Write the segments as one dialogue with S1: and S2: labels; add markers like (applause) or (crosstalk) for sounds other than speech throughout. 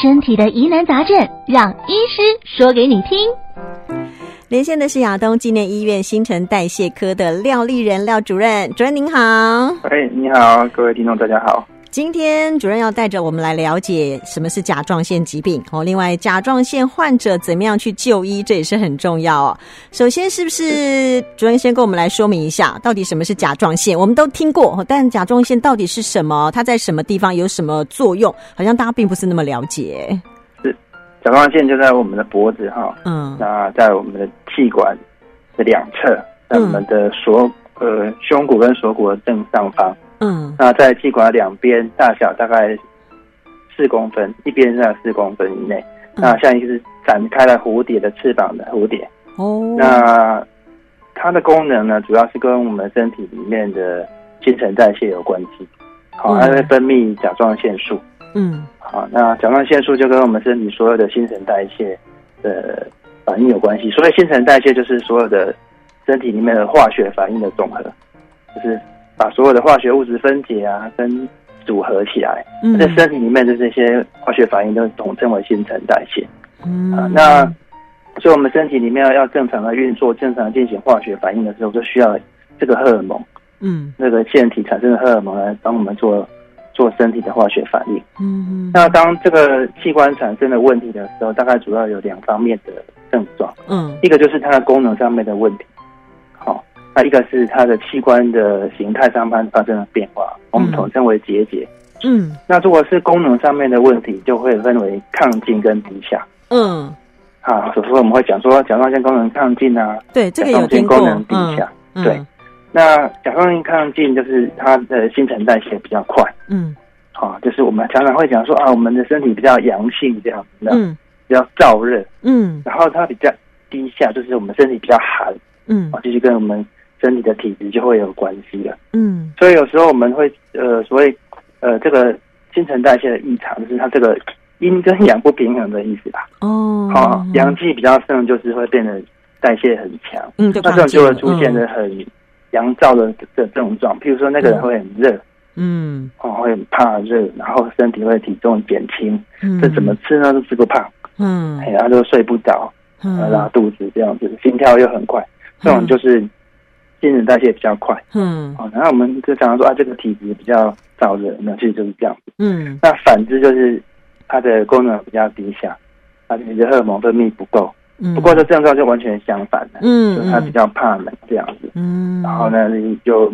S1: 身體的疑難雜症，讓醫師說給你聽。連線的是亞東紀念醫院新陳代謝科的廖立人廖主任，主任您好。
S2: 哎，你好，各位聽眾，大家好。
S1: 今天主任要帶着我們來了解什麼是甲狀腺疾病哦。另外，甲狀腺患者怎麼樣去就醫，這也是很重要哦。首先，是不是主任先跟我們來說明一下，到底什麼是甲狀腺？我們都聽過哦，但甲狀腺到底是什麼？它在什麼地方？有什麼作用？好像大家並不是那麼了解。
S2: 是甲狀腺就在我們的脖子哈，嗯，那在我們的氣管的兩側，在我們的鎖呃胸骨跟鎖骨的正上方。嗯，那在氣管兩邊，大小大概四公分，一邊是在四公分以內，嗯。那像一個是展開了蝴蝶的翅膀的蝴蝶。哦，那它的功能呢，主要是跟我們身體裡面的新陳代謝有關係。好，嗯，它，哦，會分泌甲狀腺素。嗯，好，哦，那甲狀腺素就跟我們身體所有的新陳代謝的反應有關係。所謂新陳代謝就是所有的身體裡面的化學反應的總和，就是。把所有的化學物質分解啊，跟組合起來，在、嗯、身體裡面的這些化學反應都統稱為新陳代謝。嗯，
S3: 啊，那
S2: 所以我們身體裡面要正常的運作，正常進行化學反應的時候，就需要這個荷爾蒙。嗯，那個腺體產生的荷爾蒙來幫我們做做身體的化學反應。嗯，那當這個器官產生了問題的時候，大概主要有兩方面的症狀。嗯，一個就是它的功能上面的問題。那、啊、一個是它的器官的形態上面發生了變化，嗯、我們統稱為結節。嗯，那如果是功能上面的問題，就會分為亢進跟低下。
S3: 嗯，
S2: 啊，所以說我們會講說甲狀腺功能亢進啊，對，
S3: 這甲狀腺功能低下，這個也有聽過，嗯、對。嗯、
S2: 那甲狀腺亢進就是它的新陳代謝比較快。嗯，啊，就是我們常常會講說啊，我們的身體比較陽性這樣子，嗯，比較燥熱。嗯，然後它比較低下，就是我們身體比較寒。
S3: 嗯，啊，就
S2: 是跟我們。身體的體質就會有關係了，嗯，所以有時候我們會，呃，所謂，呃，這個新陳代謝的異常，就是它這個陰跟陽不平衡的意思吧。
S3: 哦，好、啊，陽
S2: 氣比較盛，就是會變得代謝很強，嗯，那這種就會出現的很陽燥的這種狀，譬、嗯、如說那個人會很熱，
S3: 嗯，
S2: 哦、啊、會很怕熱，然後身體會體重減輕，嗯，這怎麼吃呢都吃不胖，
S3: 嗯、哎，然
S2: 後就睡不着，嗯，拉肚子這樣子，心跳又很快，嗯、這種就是。新陳代謝也比較
S3: 快，
S2: 嗯，哦，然後我們就常常說啊，這個體質比較燥熱呢，其實就是這樣，嗯。那反之就是它的功能比較低下，它的荷爾蒙分泌不夠，嗯。不過這症狀就完全相反了，嗯，
S3: 就它比
S2: 較怕冷，嗯、
S3: 這樣子，
S2: 嗯。然後呢，就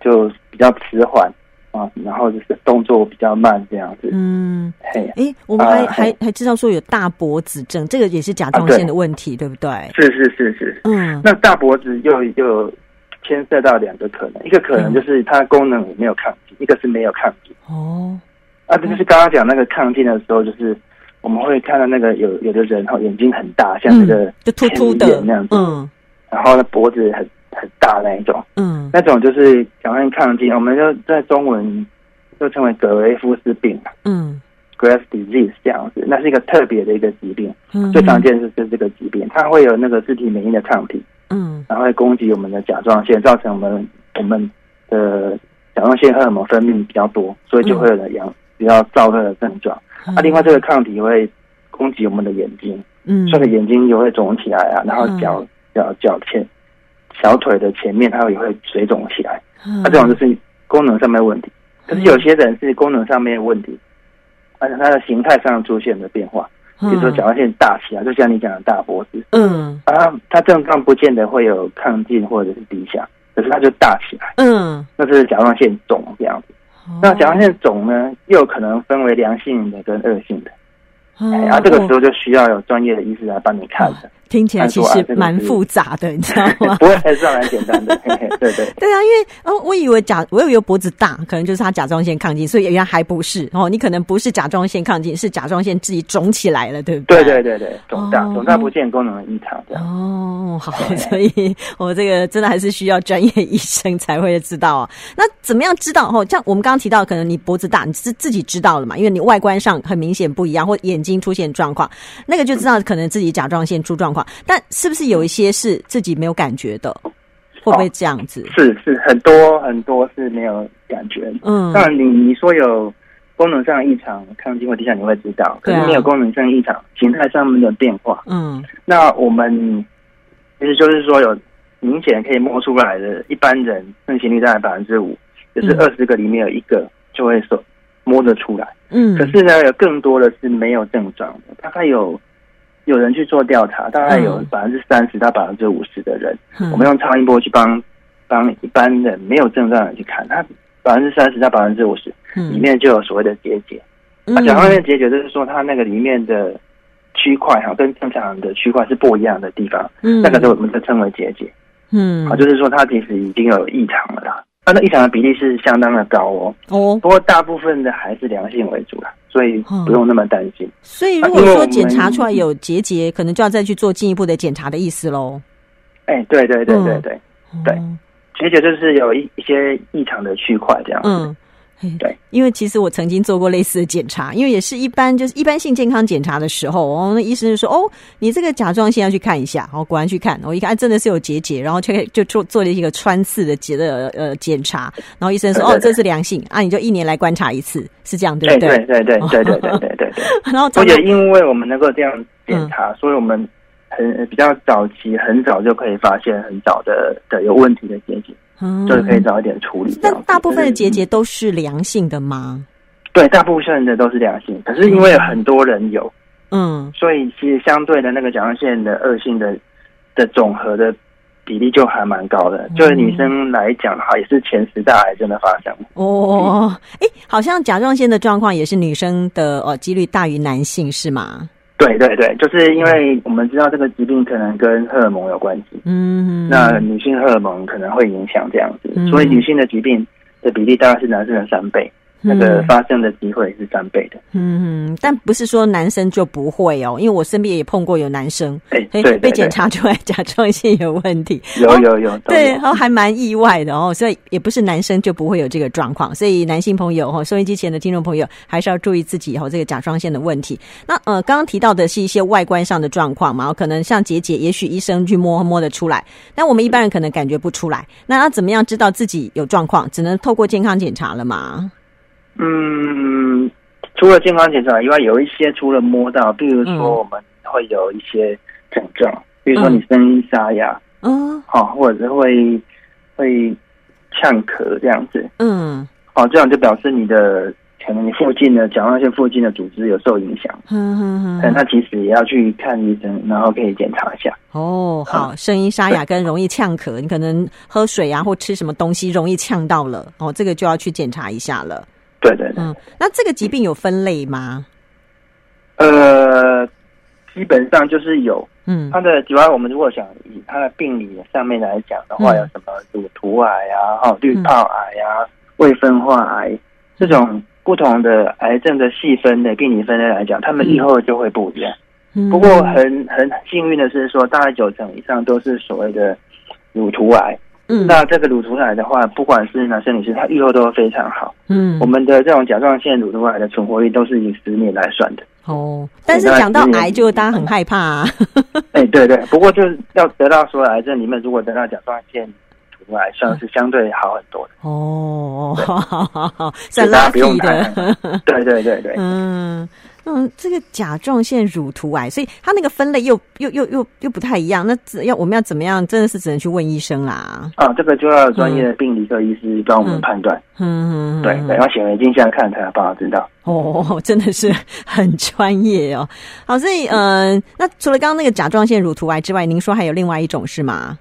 S2: 就比較遲緩啊，然後就是動作比較慢這樣子，嗯。嘿，哎，我們還、呃、還
S1: 還知道說有大脖子症，啊，這個也是甲狀腺的問題、啊對，對不對？
S2: 是是是是，嗯。那大脖子又又牽涉到兩個可能，一個可能就是它的功能沒有抗體，一個是沒有抗體。哦，嗯、啊，這就是剛剛講那個抗體的時候，就是我們會看到那個有有的人哈，眼睛很大，像那個、嗯、就突突的那樣子，嗯，然後呢，脖子很很大那一種，嗯，那種就是講完抗體，我們就在中文就稱為格雷夫斯病嘛，嗯，Graves disease 這樣子，那是一個特別的一個疾病，
S3: 嗯，最常見
S2: 的是就是這個疾病，它會有那個自體免疫的抗體。嗯，然後會攻擊我們的甲狀腺，造成我們我們的甲狀腺荷爾蒙分泌比較多，所以就會有陽比較燥熱的症狀。嗯、啊，另外這個抗體會攻擊我們的眼睛，嗯，所以眼睛也會腫起來啊。然後腳、嗯、腳腳,腳前、小腿的前面，它也會水腫起來。那、嗯啊、這種就是功能上面的問題，可是有些人是功能上面的問題，而且它的形態上出現了變化。比如說甲狀腺大起來，就像你講的大脖子，嗯，啊，它症狀不見得會有亢進或者是低下，可是它就大起來，嗯，那是甲狀腺腫這樣子。哦、那甲狀腺腫呢，又可能分為良性的跟惡性的，
S3: 嗯、哎呀，
S2: 而這個時候就需要有專業的醫師來幫你看一聽起來其實蠻複
S1: 雜的，你知道嗎？不會，還是
S2: 蠻
S1: 簡單的。對對對啊，因為哦，我以為甲，我以為脖子大，可能就是他甲狀腺亢進，所以原來還不是哦。你可能不是甲狀腺亢進，是甲狀腺自己腫起來
S2: 了，對不對？對對對對，腫大，腫、
S1: 哦、大不見功能異常，這樣哦。好對，所以我這個真的還是需要專業醫生才會知道啊、哦。那怎麼樣知道？哦，像我們剛剛提到，可能你脖子大，你是自己知道了嘛，因為你外觀上很明顯不一樣，或眼睛出現狀況，那個就知道可能自己甲狀腺出狀況。嗯但是不是有一些是自己沒有感覺
S2: 的、啊，會不會這樣子？是是，很多很多是沒有感覺的。嗯，當然你你說有功能上異常，看結果底下你會知道。可是沒有功能上異常，形、嗯、態上面的變化，嗯。那我們其實就是說有明顯可以摸出來的，一般人盛行率大概百分之五，就是二十個裡面有一個就會說摸得出來。
S3: 嗯。可是
S2: 呢，有更多的是沒有症狀的，大概有。有人去做調查，大概有百分之三十到百分之五十的人、嗯嗯，我們用超音波去幫幫一般人沒有症狀的人去看，他百分之三十到百分之五十裡面就有所謂的結節。
S3: 嗯啊、那甲狀腺
S2: 結節，就是說它那個裡面的區塊哈，跟正常的區塊是不一樣的地方，嗯，那個就我們就稱為結節。
S3: 嗯，啊，就
S2: 是說它其實已經有異常了啦。啊、它的異常的比例是相當的高哦，哦，不過大部分的還是良性為主啦、啊。所以不用那麼擔心、嗯。所以如果說檢查出來有
S1: 結節，節、啊，可能就要再去做進一步的檢查的意思嘍。
S2: 哎、欸，對對對對對、嗯、對，結節就是有一一些異常的區塊這樣子。嗯。
S1: 對，因為其實我曾經做過類似的檢查，因為也是一般就是一般性健康檢查的時候哦，那醫生就說哦，你這個甲狀腺要去看一下，然後，哦，果然去看，我一看真的是有結節，然後就做就做做了一個穿刺的結的呃檢查，然後醫生說對對對哦，這是良性，啊，你就一年來觀察一次，是這樣對不對？對對對對對對對對對。然後，而且因
S2: 為我們能夠這樣檢查，所以我們很比較早期，很早就可以發現很早的的有問題的結節。嗯、就是可以早一點處理。那
S1: 大部分的結節都是良性的嗎？
S2: 對，大部分的都是良性，可是因為很多人有，
S1: 嗯，
S2: 所以其實相對的那個甲狀腺的惡性的的總和的比例就還蠻高的。嗯、就是女生來講，哈，也是前十大癌症的發生。哦，哎、
S3: 嗯
S1: 欸，好像甲狀腺的狀況也是女生的哦幾率大於男性是嗎？
S2: 對對對，就是因為我們知道這個疾病可能跟荷爾蒙有關係，嗯，那女性荷爾蒙可能會影響這樣子，嗯、所以女性的疾病的比例大概是男性的三倍。那個發生的
S1: 機會是三倍的。嗯，但不是說男生就不會哦，因為我身邊也碰過有男生，欸、對對對被檢查出來甲狀腺有問題，有有有，有、哦，對，然、哦、後還蠻意外的哦。所以也不是男生就不會有這個狀況，所以男性朋友、哦、收音機前的聽眾朋友還是要注意自己哦，這個甲狀腺的問題。那呃，剛剛提到的是一些外觀上的狀況嘛、哦，可能像結節，也許醫生去摸摸得出來，但我們一般人可能感覺不出來。那他怎麼樣知道自己有狀況？只能透過健康檢查了嘛。
S2: 嗯，除了健康檢查以外，有一些除了摸到，比如說我們會有一些症狀，嗯、比如說你聲音沙啞，嗯，好，或者是會會嗆咳這樣子，
S3: 嗯，
S2: 哦，這樣就表示你的可能你附近的甲狀腺附近的組織有受影響，嗯，嗯，嗯，嗯，但他其實也要去看醫生，然後可以檢查一下。
S1: 哦，好，聲音沙啞跟容易嗆咳，嗯、你可能喝水啊或吃什麼東西容易嗆到了，哦，這個就要去檢查一下
S2: 了。對對
S1: 對、嗯，那這個疾病有分類嗎？
S2: 呃，基本上就是有，嗯，它的主要我們如果想以它的病理上面來講的話，嗯、有什麼乳突癌啊，然後濾泡癌啊，未分化癌、嗯、這種不同的癌症的細分的病理分類來講，他們預後就會不一樣、嗯。不過很很幸運的是說，大概九成以上都是所謂的乳突癌。嗯、那這個乳頭癌的話，不管是男生女生，他預後都非常好。嗯，我們的這種甲狀腺乳頭癌的存活率都是以十年來算的。
S3: 哦，但是講到
S2: 癌，就
S1: 大家很害怕，
S2: 啊嗯。哎，對對，不過就是要得到說癌症裡面，如果得到甲狀腺乳頭癌，算是相對好很多的。哦。
S1: 好好好好，在拉皮的，對對對對。 (laughs) 嗯嗯，這個甲狀腺乳突癌，所以它那個分類又又又又又不太一樣。那只要我們要怎麼樣？真的是只能去問醫生啦。
S2: 啊，這個就要專業的病理科醫師幫我們判斷。嗯，嗯，嗯對，得、嗯、要、嗯嗯嗯、顯微鏡下看才有辦法知
S1: 道。哦，真的是很專業哦。好，所以嗯，那除了剛剛那個甲狀腺乳突癌之外，您說還有另外一種是嗎？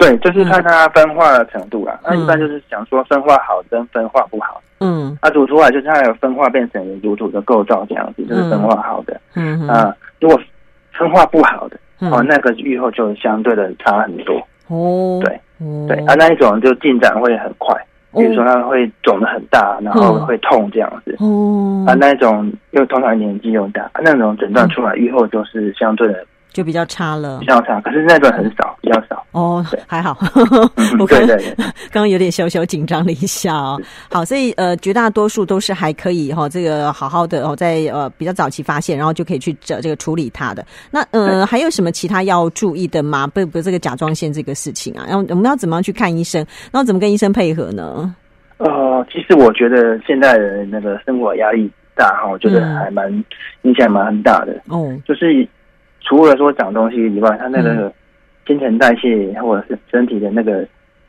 S2: 對，就是看它分化的程度啦。那一般就是想說分化好跟分化不好。嗯。啊，煮出來就是它有分化變成乳突的構造這樣子，就是分化好的。嗯嗯，嗯。啊，如果分化不好的，哦、嗯啊，那個預後就相對的差很多。哦、嗯。對。對啊，那一種就進展會很快，比如說它會腫得很大，然後會痛這樣子。哦。啊，那一種又通常年紀又大，那種診斷出來預後就是相對的。
S1: 就比較差了，比較差。
S2: 可是那段很少，比較少
S1: 哦，還好。呵
S3: 呵 (laughs) 對
S2: 對對，
S1: 剛剛有點小小緊張了一下哦。好，所以呃，絕大多數都是還可以哈、哦，這個好好的哦，在呃比較早期發現，然後就可以去這這個處理它的。那呃，還有什麼其他要注意的嗎？不不，這個甲狀腺這個事情啊，然後我們要怎麼樣去看醫生，然後怎麼跟醫生配合呢？呃，
S2: 其實我覺得現在的那個生活壓力大哈，我覺得還蠻、嗯、影響蠻很大的。嗯、哦，就是。除了說長東西以外，他那個新陳代謝或者是身體的那個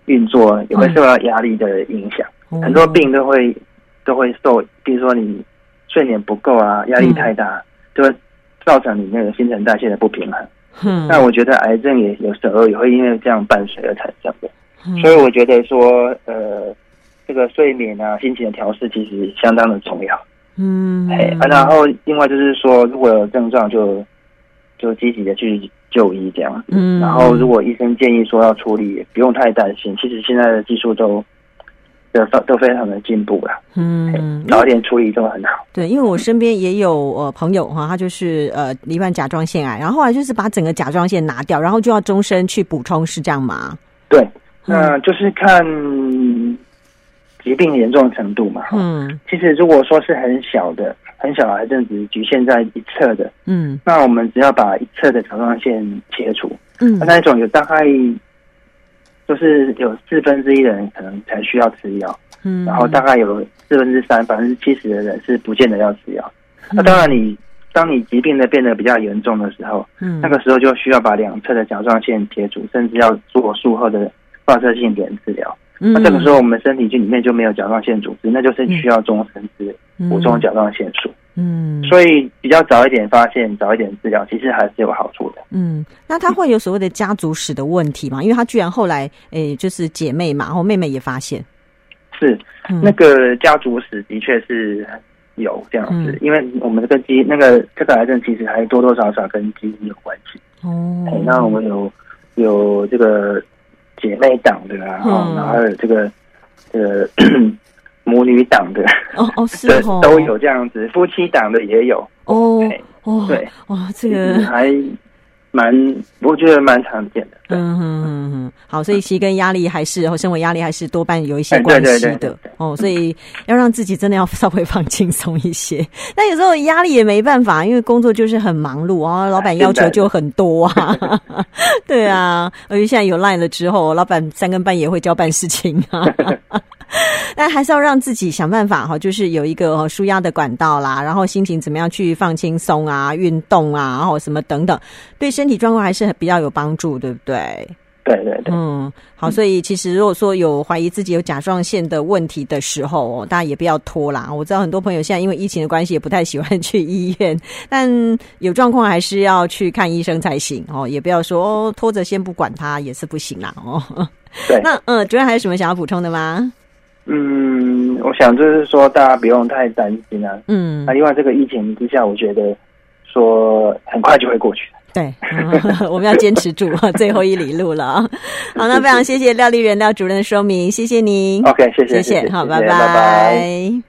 S2: 運作也會受到壓力的影響、嗯。很多病都會都會受，比如說你睡眠不夠啊，壓力太大、嗯，就會造成你那個新陳代謝的不平衡、嗯。那我覺得癌症也有時候也會因為這樣伴隨而產生的。所以我覺得說，呃，這個睡眠啊，心情的調適其實相當的重要。嗯，
S3: 哎、嗯啊，然
S2: 後另外就是說，如果有症狀就。就積極的去就醫這樣，
S3: 嗯。然後如
S2: 果醫生建議說要處理，也不用太擔心。其實現在的技術都都都非常的進步了，嗯，早一點處理都很好。
S1: 對，因為我身邊也有呃朋友哈，他就是呃罹患甲狀腺癌，然後後來就是把整個甲狀腺拿掉，然後就要終身去補充，是這樣嗎？
S2: 對，那、呃嗯、就是看疾病嚴重程度嘛。
S3: 嗯，
S2: 其實如果說是很小的。很小癌症，只侷限在一側的，嗯，那我們只要把一側的甲狀腺切除，嗯，那那一種有大概，就是有四分之一的人可能才需要吃藥，嗯，然後大概有四分之三，百分之七十的人是不見得要吃藥。嗯、那當然你，你當你疾病的變得比較嚴重的時候，嗯，那個時候就需要把兩側的甲狀腺切除，甚至要做術後的放射性碘治療。那、嗯啊、這個時候，我們身體裡面就沒有甲狀腺組織，那就是需要終身治補、嗯、充甲狀腺素。嗯，所以比較早一點發現，早一點治療，其實還是有好處的。
S1: 嗯，那他會有所謂的家族史的問題嗎？因為他居然後來哎、欸，就是姐妹嘛，然後妹妹也發現
S2: 是、嗯、那個家族史的確是有這樣子，嗯、因為我們這個基那個這個癌症其實還多多少少跟基因有關係哦、欸。那我們有有這個。姐妹檔的啊、嗯，然後有這個呃、這個、母女檔的哦，哦，是的、哦，都有這樣子，夫妻檔的也有
S3: 哦，哦，對哇，這個
S2: 還。蠻，我覺得蠻常
S3: 見的。嗯哼哼哼，好，
S1: 所以其實跟壓力還是，或生活壓力還是多半有一些關係的，哎對對對對對對。哦，所以要讓自己真的要稍微放輕鬆一些。 (laughs) 但有時候壓力也沒辦法，因為工作就是很忙碌啊，哦，老闆要求就很多啊。 (laughs) (laughs) 對啊，而且現在有 LINE 了之後，老闆三更半夜會交辦事情啊。 (laughs) (laughs) 但還是要讓自己想辦法哈，就是有一個舒壓的管道啦，然後心情怎麼樣去放輕鬆啊，運動啊，然後什麼等等，對身體狀況還是比較有幫助，對不對？
S2: 對對
S1: 對，嗯，好，所以其實如果說有懷疑自己有甲狀腺的問題的時候哦，大家也不要拖啦。我知道很多朋友現在因為疫情的關係也不太喜歡去醫院，但有狀況還是要去看醫生才行哦，也不要說拖着先不管它也是不行啦哦。
S2: 那嗯，
S1: 主任還有什麼想要補充的嗎？
S2: 嗯，我想就是說，大家不用太擔心啊。嗯，那另外這個疫情之下，我覺得說很快就會過去，對，
S1: (laughs) 我們要堅持住， (laughs) 最後一里路了。好，那非常謝謝廖立人廖主任的說明，謝謝您。OK，謝謝，謝謝，謝謝好，拜拜。